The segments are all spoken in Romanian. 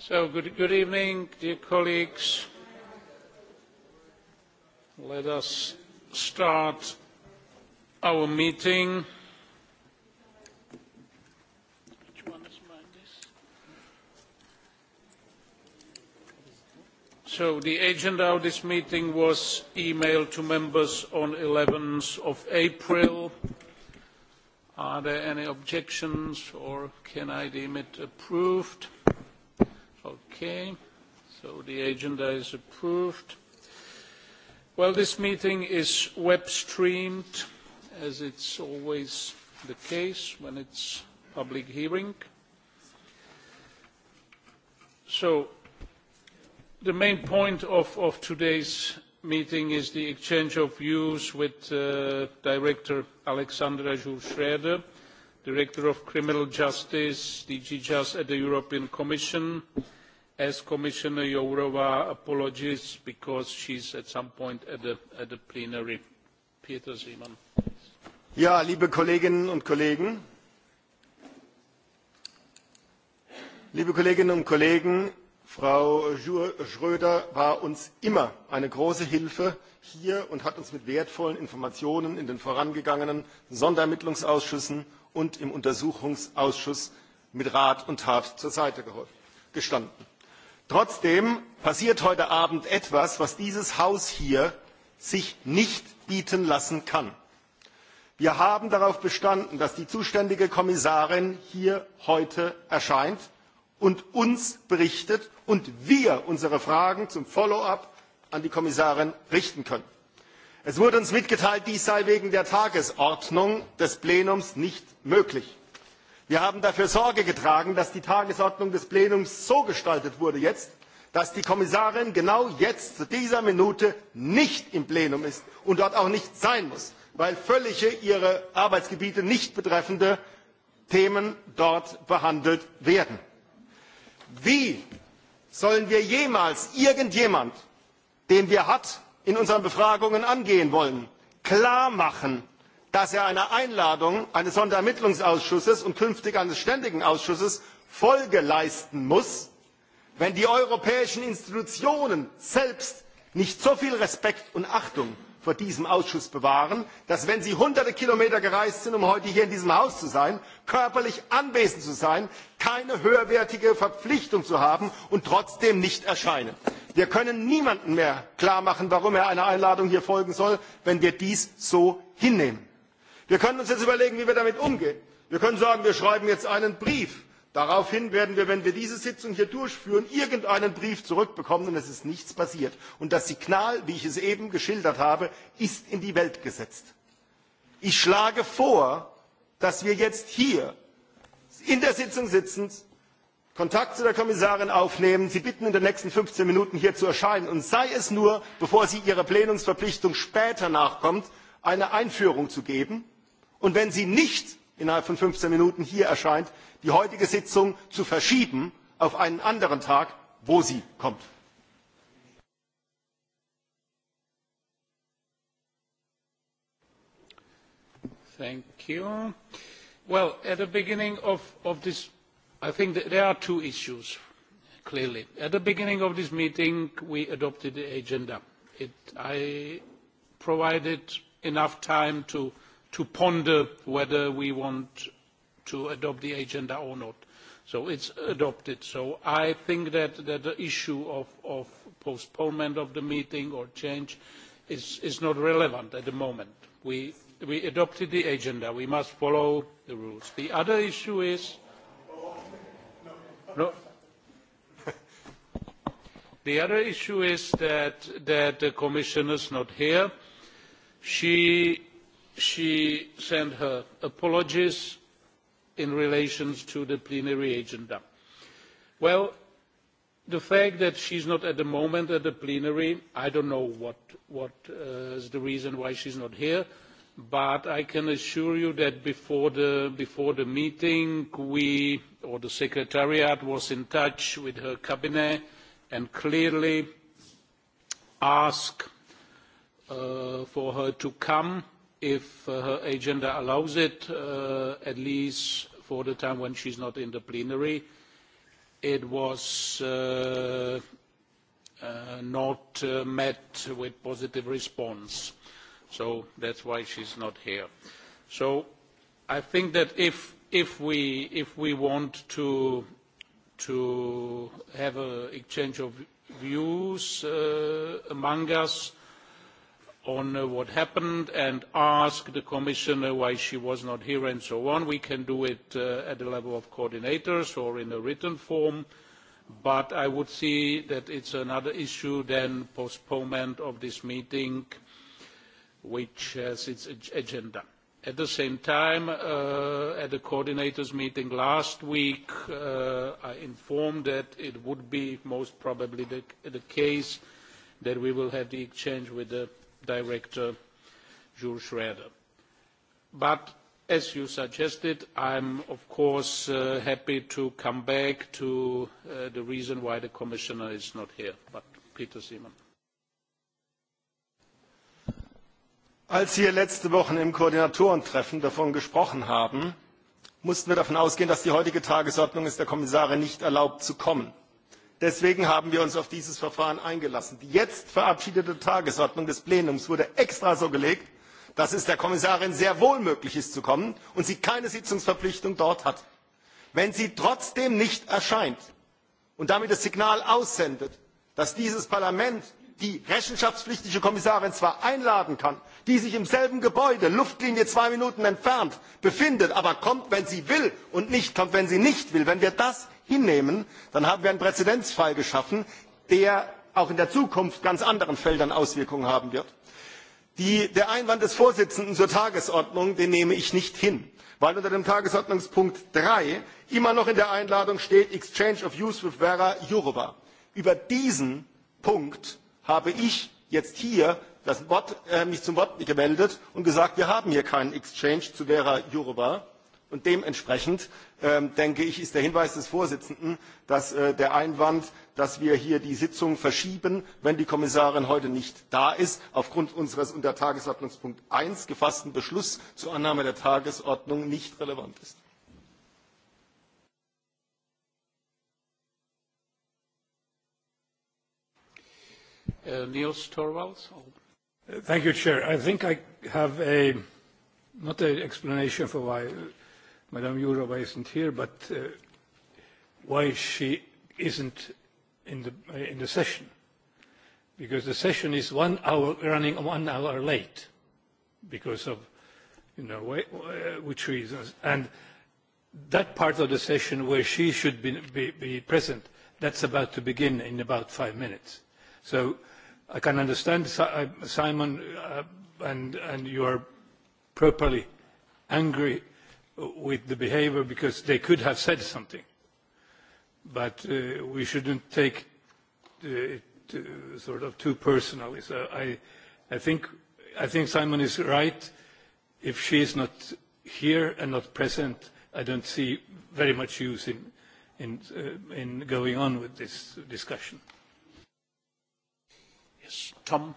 So, good, good evening, dear colleagues. Let us start our meeting. Which one is mine? This? So, the agenda of this meeting was emailed to members on 11th of April. Are there any objections or can I deem it approved? Okay, so the agenda is approved. Well, this meeting is web streamed, as it's always the case when it's public hearing. So the main point of, of today's meeting is the exchange of views with uh, Director Alexandra Jules Schroeder, Director of Criminal Justice, DG Just at the European Commission, as Commissioner Jourova, apologies because she's at some point at the, at the plenary. Peter Seemann. Ja, liebe Kolleginnen und Kollegen, liebe Kolleginnen und Kollegen, Frau Schröder war uns immer eine große Hilfe hier und hat uns mit wertvollen Informationen in den vorangegangenen Sonderermittlungsausschüssen und im Untersuchungsausschuss mit Rat und Tat zur Seite gestanden trotzdem passiert heute abend etwas was dieses haus hier sich nicht bieten lassen kann. wir haben darauf bestanden dass die zuständige kommissarin hier heute erscheint und uns berichtet und wir unsere fragen zum follow up an die kommissarin richten können. es wurde uns mitgeteilt dies sei wegen der tagesordnung des plenums nicht möglich wir haben dafür sorge getragen dass die tagesordnung des plenums jetzt so gestaltet wurde dass die kommissarin genau jetzt zu dieser minute nicht im plenum ist und dort auch nicht sein muss weil völlige ihre arbeitsgebiete nicht betreffende themen dort behandelt werden. wie sollen wir jemals irgendjemandem den wir hat in unseren befragungen angehen wollen klarmachen dass er einer einladung eines sonderermittlungsausschusses und künftig eines ständigen ausschusses folge leisten muss wenn die europäischen institutionen selbst nicht so viel respekt und achtung vor diesem ausschuss bewahren dass wenn sie hunderte kilometer gereist sind um heute hier in diesem haus zu sein körperlich anwesend zu sein keine höherwertige verpflichtung zu haben und trotzdem nicht erscheinen. wir können niemandem mehr klarmachen warum er einer einladung hier folgen soll wenn wir dies so hinnehmen wir können uns jetzt überlegen wie wir damit umgehen. wir können sagen wir schreiben jetzt einen brief. daraufhin werden wir wenn wir diese sitzung hier durchführen irgendeinen brief zurückbekommen und es ist nichts passiert. und das signal wie ich es eben geschildert habe ist in die welt gesetzt. ich schlage vor dass wir jetzt hier in der sitzung sitzend kontakt zu der kommissarin aufnehmen sie bitten in den nächsten fünfzehn minuten hier zu erscheinen und sei es nur bevor sie ihrer plenumsverpflichtung später nachkommt eine einführung zu geben und wenn sie nicht innerhalb von fünfzehn minuten hier erscheint die heutige sitzung zu verschieben auf einen anderen tag wo sie kommt. Thank you. Well, at the beginning of, of this, I think that there are two issues, clearly. At the beginning of this meeting, we adopted the agenda. It, I provided enough time to to ponder whether we want to adopt the agenda or not. So it's adopted. So I think that, that the issue of, of postponement of the meeting or change is, is not relevant at the moment. We, we adopted the agenda. We must follow the rules. The other issue is... No, the other issue is that, that the commissioner is not here. She she sent her apologies in relation to the plenary agenda. well the fact that she is not at the moment at the plenary i do not know what, what uh, is the reason why she is not here but i can assure you that before the, before the meeting we or the secretariat was in touch with her cabinet and clearly asked uh, for her to come if uh, her agenda allows it, uh, at least for the time when she's not in the plenary. It was uh, uh not uh, met with positive response, so that's why she's not here. So I think that if, if, we, if we want to, to have an exchange of views among us, on what happened and ask the commissioner why she was not here and so on. We can do it uh, at the level of coordinators or in a written form, but I would see that it's another issue than postponement of this meeting, which has its agenda. At the same time, uh, at the coordinators' meeting last week, uh, I informed that it would be most probably the, the case that we will have the exchange with the director Jules schrder But as you suggested, i am of course uh, happy to come back to uh, the reason why the commissioner is not here. But Peter Simon. Als wir letzte Woche im Koordinatorentreffen davon gesprochen haben, mussten wir davon ausgehen, dass die heutige Tagesordnung es der Kommissarin nicht erlaubt zu kommen deswegen haben wir uns auf dieses verfahren eingelassen. die jetzt verabschiedete tagesordnung des plenums wurde extra so gelegt dass es der kommissarin sehr wohl möglich ist zu kommen und sie keine sitzungsverpflichtung dort hat. wenn sie trotzdem nicht erscheint und damit das signal aussendet dass dieses parlament die rechenschaftspflichtige kommissarin zwar einladen kann die sich im selben gebäude luftlinie zwei minuten entfernt befindet aber kommt wenn sie will und nicht kommt wenn sie nicht will wenn wir hinnehmen dann haben wir einen präzedenzfall geschaffen der auch in der zukunft in ganz anderen feldern auswirkungen haben wird. Die, der einwand des vorsitzenden zur tagesordnung den nehme ich nicht hin weil unter dem tagesordnungspunkt drei immer noch in der einladung steht exchange of views with vera jourov. über diesen punkt habe ich jetzt hier das Wort, äh, mich zum wort gemeldet und gesagt wir haben hier keinen exchange zu vera jourov Und dementsprechend, ähm, denke ich, ist der Hinweis des Vorsitzenden, dass äh, der Einwand, dass wir hier die Sitzung verschieben, wenn die Kommissarin heute nicht da ist, aufgrund unseres unter Tagesordnungspunkt 1 gefassten Beschlusses zur Annahme der Tagesordnung nicht relevant ist. Uh, Niels Torvalds. Thank you, Chair. I think I have a, not an explanation for why Madame Jourova isn't here, but uh, why she isn't in the, uh, in the session. Because the session is one hour, running one hour late because of, you know, why, uh, which reasons. And that part of the session where she should be, be, be present, that's about to begin in about five minutes. So I can understand, uh, Simon, uh, and, and you are properly angry with the behaviour because they could have said something. But uh, we shouldn't take uh, it uh, sort of too personally. So I, I, think, I think Simon is right. If she is not here and not present, I don't see very much use in, in, uh, in going on with this discussion. Yes, Tom.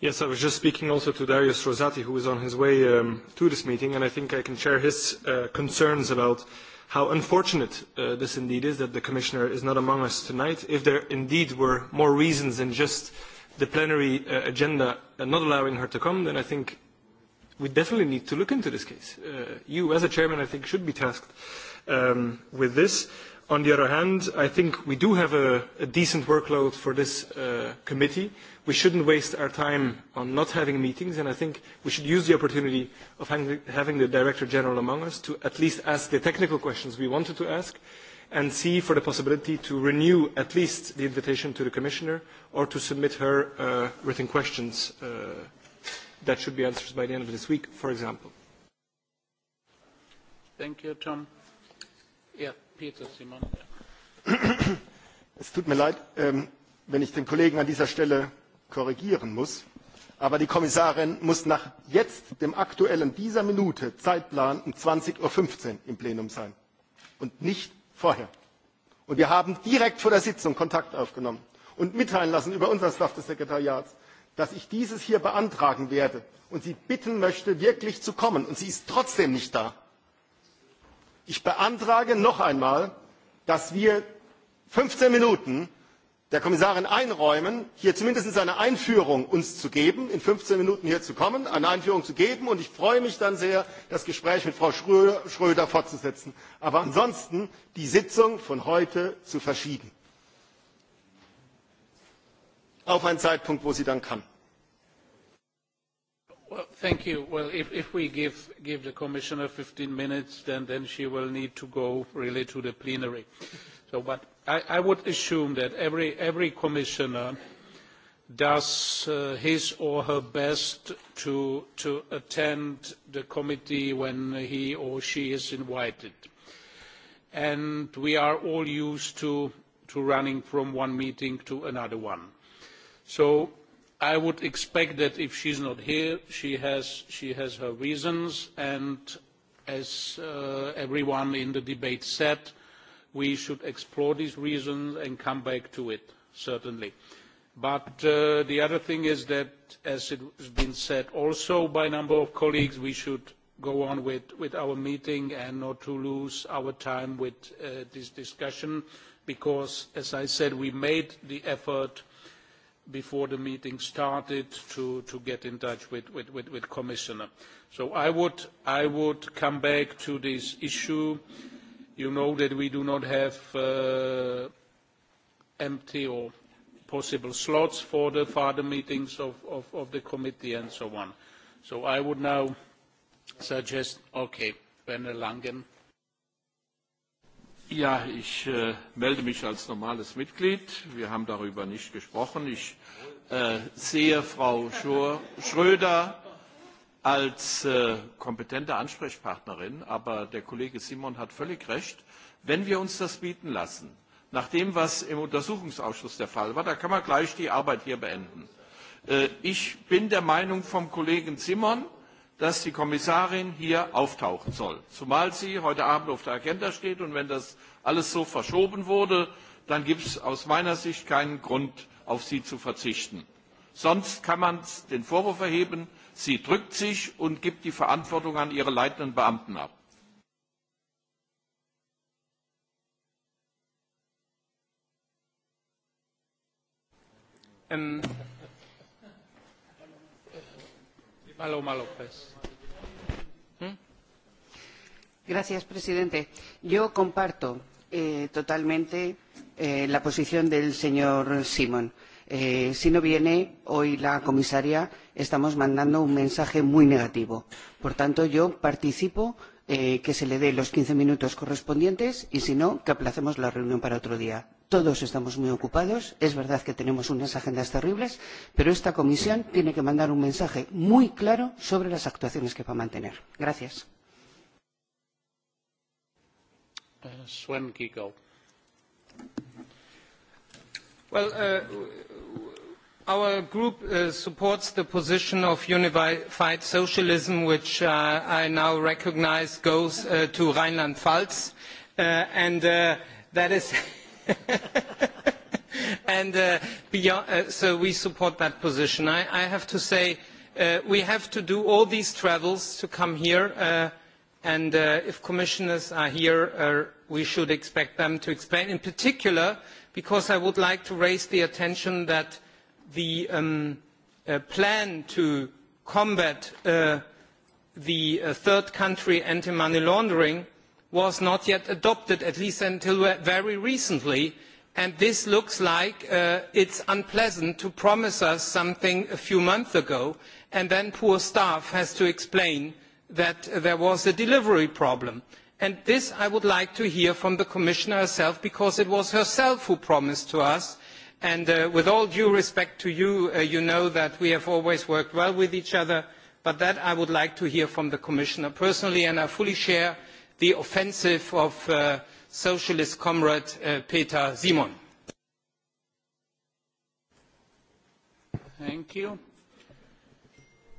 Yes, I was just speaking also to Darius Rosati, who is on his way um, to this meeting, and I think I can share his uh, concerns about how unfortunate uh, this indeed is that the Commissioner is not among us tonight. If there indeed were more reasons than just the plenary uh, agenda uh, not allowing her to come, then I think we definitely need to look into this case. Uh, you, as a chairman, I think, should be tasked uh, um, with this. On the other hand, I think we do have a, a decent workload for this uh, committee. We shouldn't waste our time on not having meetings, and I think we should use the opportunity of having, having the Director General among us to at least ask the technical questions we wanted to ask and see for the possibility to renew at least the invitation to the Commissioner or to submit her uh, written questions uh, that should be answered by the end of this week, for example. Thank you, Tom. Es tut mir leid, ähm, wenn ich den Kollegen an dieser Stelle korrigieren muss. Aber die Kommissarin muss nach jetzt, dem aktuellen dieser Minute, Zeitplan um zwanzig fünfzehn Uhr im Plenum sein und nicht vorher. wir haben direkt vor der Sitzung Kontakt aufgenommen und mitteilen lassen über unseren Staff des Sekretariats, dass ich dieses hier beantragen werde und sie bitten möchte, wirklich zu kommen. Und sie ist trotzdem nicht da ich beantrage noch einmal dass wir fünfzehn minuten der kommissarin einräumen hier zumindest eine einführung uns zu geben in fünfzehn minuten hier zu kommen eine einführung zu geben und ich freue mich dann sehr das gespräch mit frau schröder fortzusetzen aber ansonsten die sitzung von heute zu verschieben auf einen zeitpunkt wo sie dann kann. Well, thank you. Well, if, if we give, give the Commissioner 15 minutes, then, then she will need to go really to the plenary. So, but I, I would assume that every, every Commissioner does uh, his or her best to, to attend the committee when he or she is invited. And we are all used to, to running from one meeting to another one. So I would expect that if she is not here, she has, she has her reasons, and as uh, everyone in the debate said, we should explore these reasons and come back to it, certainly. But uh, the other thing is that, as it has been said also by a number of colleagues, we should go on with, with our meeting and not to lose our time with uh, this discussion, because, as I said, we made the effort before the meeting started to, to get in touch with, with, with, with Commissioner. So I would, I would come back to this issue. You know that we do not have uh, empty or possible slots for the further meetings of, of, of the committee and so on. So I would now suggest, okay, Werner Langen. Ja, ich äh, melde mich als normales Mitglied. Wir haben darüber nicht gesprochen. Ich äh, sehe Frau Schur Schröder als äh, kompetente Ansprechpartnerin, aber der Kollege Simon hat völlig recht. Wenn wir uns das bieten lassen, nach dem, was im Untersuchungsausschuss der Fall war, da kann man gleich die Arbeit hier beenden. Äh, ich bin der Meinung vom Kollegen Simon, dass die Kommissarin hier auftauchen soll, zumal sie heute Abend auf der Agenda steht. Und wenn das alles so verschoben wurde, dann gibt es aus meiner Sicht keinen Grund, auf sie zu verzichten. Sonst kann man den Vorwurf erheben, sie drückt sich und gibt die Verantwortung an ihre leitenden Beamten ab. Ähm ¿Mm? señor presidente. Yo comparto eh, totalmente eh, la posición del señor Simon. Eh, si no viene hoy la comisaria, estamos mandando un mensaje muy negativo. Por tanto, yo participo en que se le den los quince minutos correspondientes y, si no, que aplacemos la reunión para otro día. Todos estamos muy ocupados, es verdad que tenemos unas agendas terribles, pero esta comisión tiene que mandar un mensaje muy claro sobre las actuaciones que va a mantener. Gracias. Uh, Sven Well, uh, our group uh, supports the position of unified socialism, which uh, I now recognize goes uh, to Rheinland-Pfalz, uh, and uh, that is. and uh, beyond, uh, so we support that position. I, I have to say uh, we have to do all these travels to come here uh, and uh, if commissioners are here uh, we should expect them to explain in particular because I would like to raise the attention that the um, uh, plan to combat uh, the uh, third country anti-money laundering uh, was not yet adopted, at least until very recently, and this looks like it uh, it's unpleasant to promise us something a few months ago, and then poor staff has to explain that there was a delivery problem. And this I would like to hear from the Commissioner herself, because it was herself who promised to us, and uh, with all due respect to you, uh, you know that we have always worked well with each other, but that I would like to hear from the Commissioner personally, and I fully share the offensive of uh, socialist comrade uh, Peter Simon. Thank you.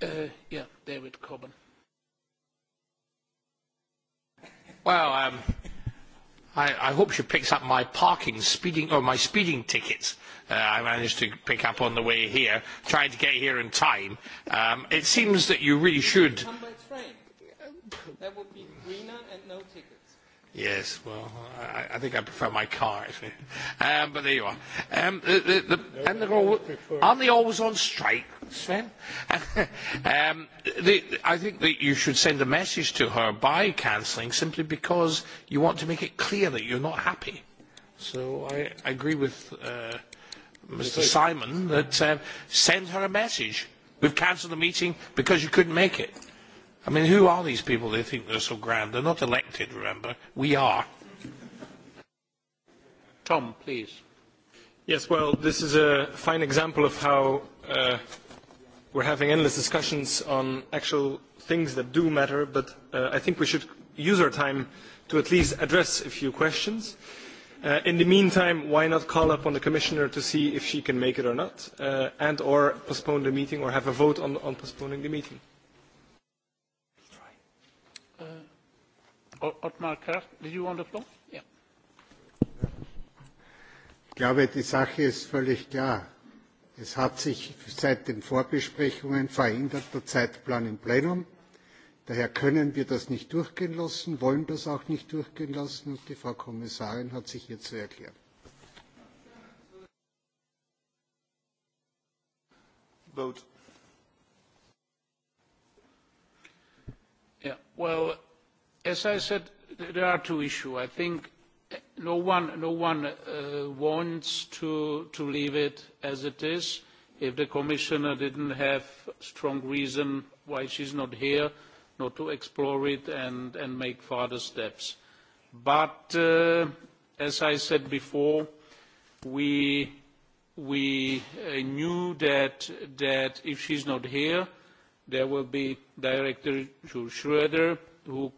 Uh, yeah, David Coburn. Well, um, I, I hope she picks up my parking speeding or my speeding tickets. Uh, I managed to pick up on the way here, trying to get here in time. Um, it seems that you really should. Come by train that would be greener and no tickets. Yes, well, I, I think I prefer my car, actually. Um, but there you are. Um, the, the, the, no, and they're all, aren't they always on strike, Sven? um, the, I think that you should send a message to her by cancelling simply because you want to make it clear that you're not happy. So I, I agree with uh, Mr. Simon that uh, send her a message. We've cancelled the meeting because you couldn't make it. I mean, who are these people they think they're so grand? They're not elected, remember. We are. Tom, please. Yes, well, this is a fine example of how uh, we're having endless discussions on actual things that do matter, but uh, I think we should use our time to at least address a few questions. Uh, in the meantime, why not call up on the Commissioner to see if she can make it or not, uh, and or postpone the meeting or have a vote on, on postponing the meeting? Ich glaube, die Sache ist völlig klar. Es hat sich seit den Vorbesprechungen verändert der Zeitplan im Plenum. Daher können wir das nicht durchgehen lassen, wollen das auch nicht durchgehen lassen. Und die Frau Kommissarin hat sich hierzu erklärt as I said, there are two issues. I think no one, no one uh, wants to, to leave it as it is. If the Commissioner didn't have strong reason why she's not here, not to explore it and, and make further steps. But uh, as I said before, we, we uh, knew that, that if she's not here, there will be Director Jules Schroeder who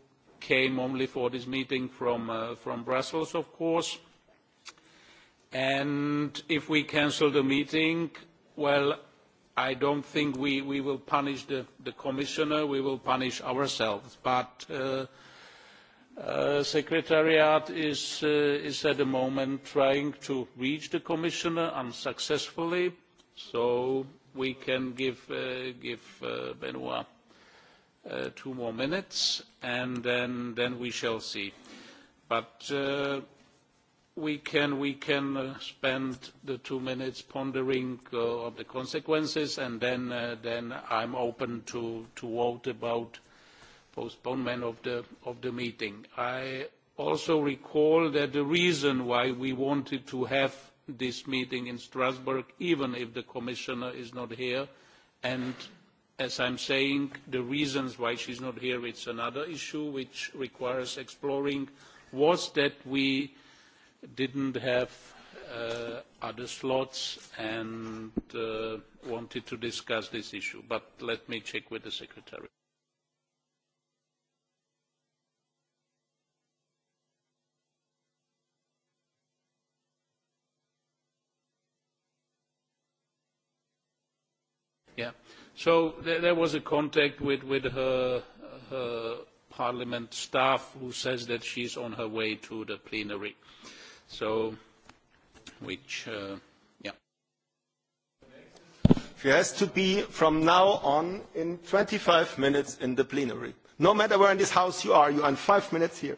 came only for this meeting from, uh, from Brussels, of course. And if we cancel the meeting, well, I don't think we, we will punish the, the commissioner, we will punish ourselves. But uh, uh, Secretariat is, uh, is at the moment trying to reach the commissioner unsuccessfully, so we can give, uh, give uh, Benoit uh, two more minutes and then, then we shall see. But uh, we can, we can uh, spend the two minutes pondering uh, of the consequences, and then, uh, then I'm open to, to vote about postponement of the, of the meeting. I also recall that the reason why we wanted to have this meeting in Strasbourg, even if the commissioner is not here, and as I'm saying, the reasons why she's not here, it's another issue which requires exploring, was that we didn't have uh, other slots and uh, wanted to discuss this issue. But let me check with the Secretary. Yeah. So there, there was a contact with, with her, her parliament staff who says that she's on her way to the plenary. So, which, uh, yeah. She has to be from now on in 25 minutes in the plenary. No matter where in this house you are, you are in five minutes here.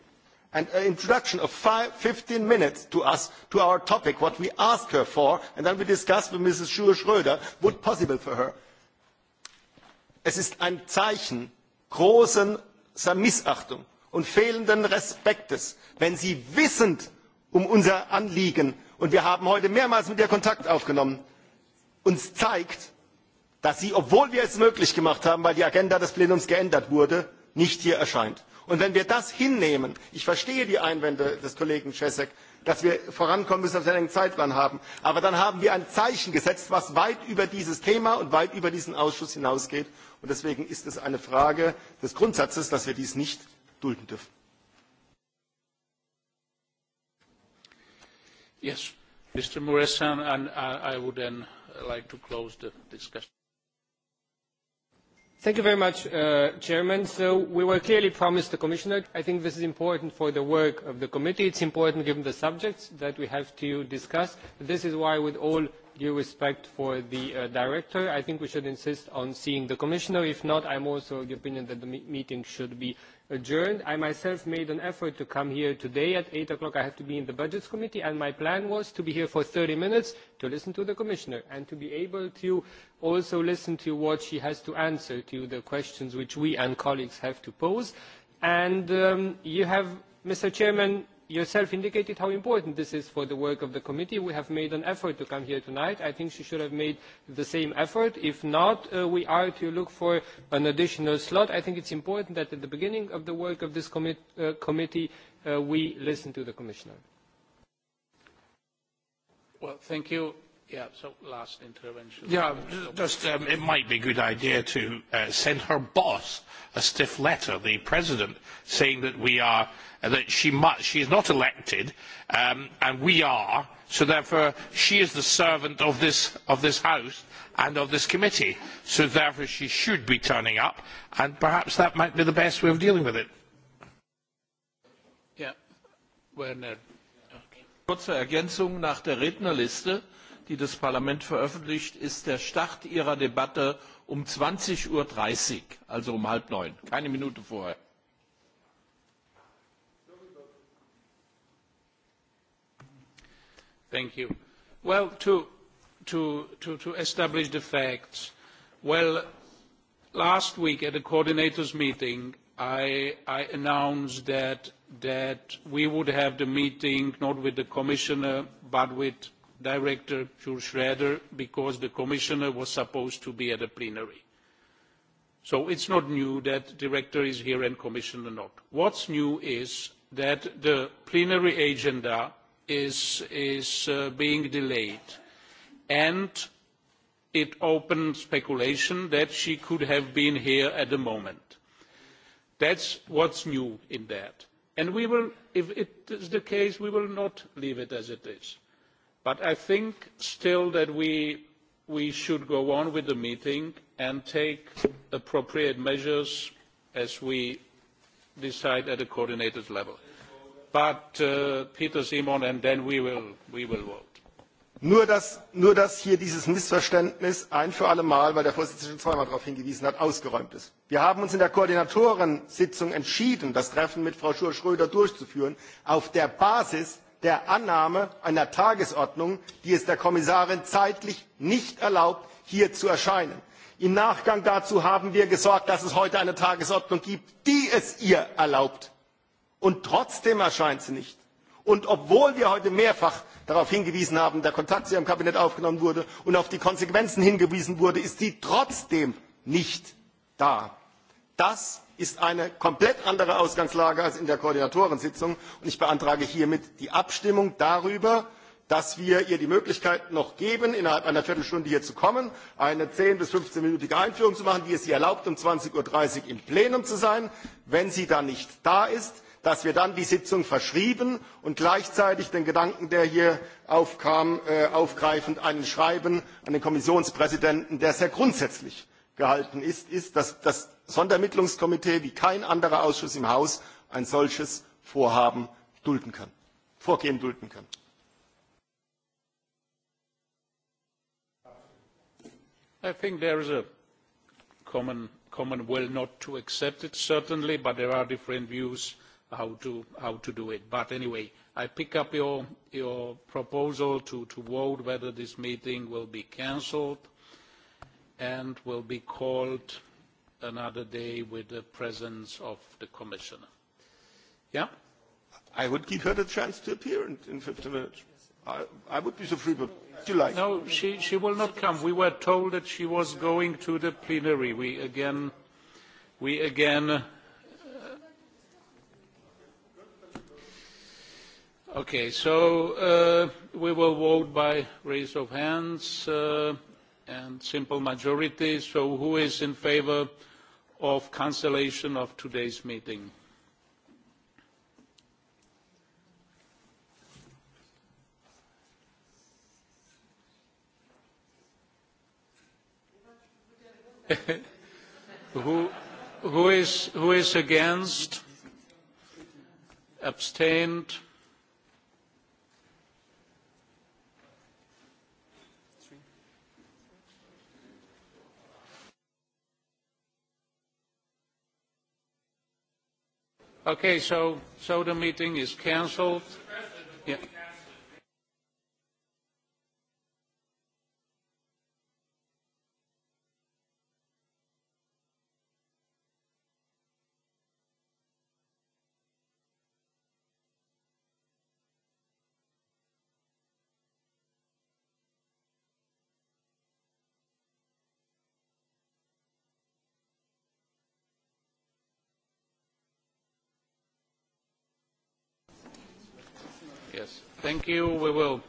And an introduction of five, 15 minutes to us, to our topic, what we ask her for, and then we discuss with Mrs. Schröder, what possible for her es ist ein Zeichen großer Missachtung und fehlenden Respektes, wenn Sie wissend um unser Anliegen, und wir haben heute mehrmals mit ihr Kontakt aufgenommen, uns zeigt, dass sie, obwohl wir es möglich gemacht haben, weil die Agenda des Plenums geändert wurde, nicht hier erscheint. Und wenn wir das hinnehmen, ich verstehe die Einwände des Kollegen Cesek, dass wir vorankommen müssen, dass wir einen Zeitplan haben. Aber dann haben wir ein Zeichen gesetzt, was weit über dieses Thema und weit über diesen Ausschuss hinausgeht. Und deswegen ist es eine Frage des Grundsatzes, dass wir dies nicht dulden dürfen. Yes, Mr. Muresan, and uh, I would then like to close the discussion. Thank you very much, uh, Chairman. So we were clearly promised the Commissioner. I think this is important for the work of the committee. It's important given the subjects that we have to discuss. This is why with all due respect for the uh, director, I think we should insist on seeing the commissioner. If not, I'm also of the opinion that the me meeting should be adjourned. I myself made an effort to come here today at 8 o'clock. I have to be in the Budgets Committee, and my plan was to be here for 30 minutes to listen to the Commissioner and to be able to also listen to what she has to answer to the questions which we and colleagues have to pose. And um, you have, Mr. Chairman, yourself indicated how important this is for the work of the committee. We have made an effort to come here tonight. I think she should have made the same effort. If not, uh, we are to look for an additional slot. I think it is important that at the beginning of the work of this uh, committee, uh, we listen to the Commissioner. Well, thank you Yeah, so last intervention. Yeah, just um, it might be a good idea to uh, send her boss a stiff letter, the president, saying that we are uh, that she must she is not elected, um, and we are. So therefore, she is the servant of this of this house and of this committee. So therefore, she should be turning up, and perhaps that might be the best way of dealing with it. Yeah, Werner, Kurze Ergänzung nach der Rednerliste, die das Parlament veröffentlicht, ist der Start Ihrer Debatte um zwanzig dreißig Uhr, also um halb neun, keine Minute vorher. Thank you. Well, to, to, to, to establish the facts, last week at the coordinators' meeting, I, I announced that, that we would have the meeting not with the Commissioner but with Director Jules Schroeder because the Commissioner was supposed to be at the plenary. So it's not new that Director is here and Commissioner not. What's new is that the plenary agenda is, is uh, being delayed and it opened speculation that she could have been here at the moment That's what's new in that. And if it is the case, we will not leave it as it is. But I think still that we, should go on with the meeting and take appropriate measures as we decide at a coordinated level. But uh, Peter Simon, and then we will, Nur dass, hier dieses Missverständnis ein für alle Mal, weil der Vorsitzende schon zweimal darauf hingewiesen hat, ausgeräumt ist. Wir haben uns in der Koordinatorensitzung entschieden, das Treffen mit Frau Schröder durchzuführen, auf der Basis der Annahme einer Tagesordnung, die es der Kommissarin zeitlich nicht erlaubt, hier zu erscheinen. Im Nachgang dazu haben wir dafür gesorgt, dass es heute eine Tagesordnung gibt, die es ihr erlaubt. Und trotzdem erscheint sie nicht und obwohl wir heute mehrfach darauf hingewiesen haben der kontakt zu ihrem kabinett aufgenommen wurde und auf die konsequenzen hingewiesen wurde ist sie trotzdem nicht da. das ist eine komplett andere ausgangslage als in der koordinatorensitzung und ich beantrage hiermit die abstimmung darüber dass wir ihr die möglichkeit noch geben innerhalb einer viertelstunde hier zu kommen eine zehn bis fünfzehn minütige einführung zu machen die es ihr erlaubt um zwanzig dreißig uhr im plenum zu sein. wenn sie dann nicht da ist dass wir dann die sitzung verschrieben und gleichzeitig den gedanken der hier aufkam äh, aufgreifend ein schreiben an den kommissionspräsidenten der sehr grundsätzlich gehalten ist ist dass das sonderermittlungskomitee wie kein anderer ausschuss im haus ein solches vorhaben dulden kann vorgehen dulden kann. i think there is a common common will not to accept it certainly but there are different views how to, how to do it. But anyway, I pick up your, your proposal to, to vote whether this meeting will be cancelled and will be called another day with the presence of the commissioner. Yeah? I would give her the chance to appear in, in 15 minutes. I, I would be so free, but do you like. No, she, she will not come. We were told that she was going to the plenary. We again, we again Okay, so uh, we will vote by raise of hands uh, and simple majority. So who is in favor of cancellation of today's meeting? who, who, is, who is against? Abstained? Okay, so, so the meeting is cancelled. Yeah. thank you. We will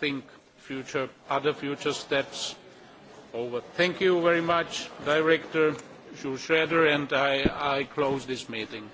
think future, other future steps over. Thank you very much, Director Schroeder, and I close this meeting.